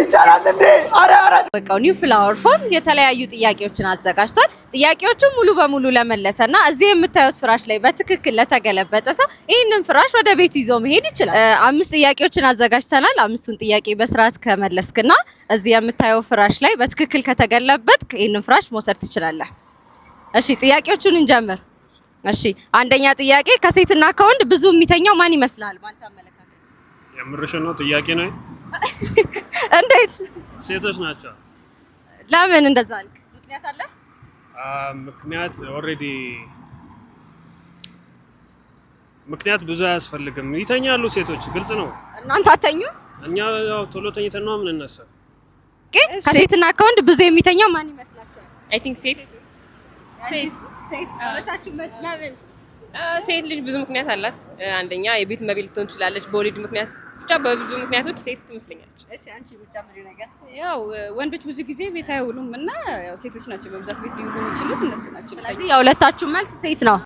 ይቻላል ኒው ፍላወር ፎም የተለያዩ ጥያቄዎችን አዘጋጅቷል። ጥያቄዎቹን ሙሉ በሙሉ ለመለሰና እዚህ የምታዩት ፍራሽ ላይ በትክክል ለተገለበጠ ሰው ይህንን ፍራሽ ወደ ቤቱ ይዞ መሄድ ይችላል። አምስት ጥያቄዎችን አዘጋጅተናል። አምስቱን ጥያቄ በስርዓት ከመለስክና እዚህ የምታየው ፍራሽ ላይ በትክክል ከተገለበጥክ ይህንን ፍራሽ መውሰድ ትችላለህ። እሺ ጥያቄዎቹን እንጀምር። እሺ አንደኛ ጥያቄ ከሴትና ከወንድ ብዙ የሚተኛው ማን ይመስላል? ማን ታመለከ የምርሽ ነው? ጥያቄ ነው። እንዴት ሴቶች ናቸው። ለምን እንደዛ አልክ? ምክንያት አለ? ምክንያት ኦልሬዲ ምክንያት ብዙ አያስፈልግም። ይተኛሉ ሴቶች፣ ግልጽ ነው። እናንተ አተኙ? እኛ ያው ቶሎ ተኝተን ነው የምንነሳ። ግን ከሴትና ከወንድ ብዙ የሚተኛው ማን ይመስላችኋል? አይ ቲንክ ሴት ሴት ሴት ሴት ልጅ ብዙ ምክንያት አላት። አንደኛ የቤት እመቤት ልትሆን ትችላለች፣ በወሊድ ምክንያት ብቻ በብዙ ምክንያቶች ሴት ትመስለኛለች። አንቺ ብቻ ነገር ያው ወንዶች ብዙ ጊዜ ቤት አይውሉም እና ሴቶች ናቸው በብዛት ቤት ሊውሉ የሚችሉት እነሱ ናቸው። ስለዚህ የሁለታችሁ መልስ ሴት ነው።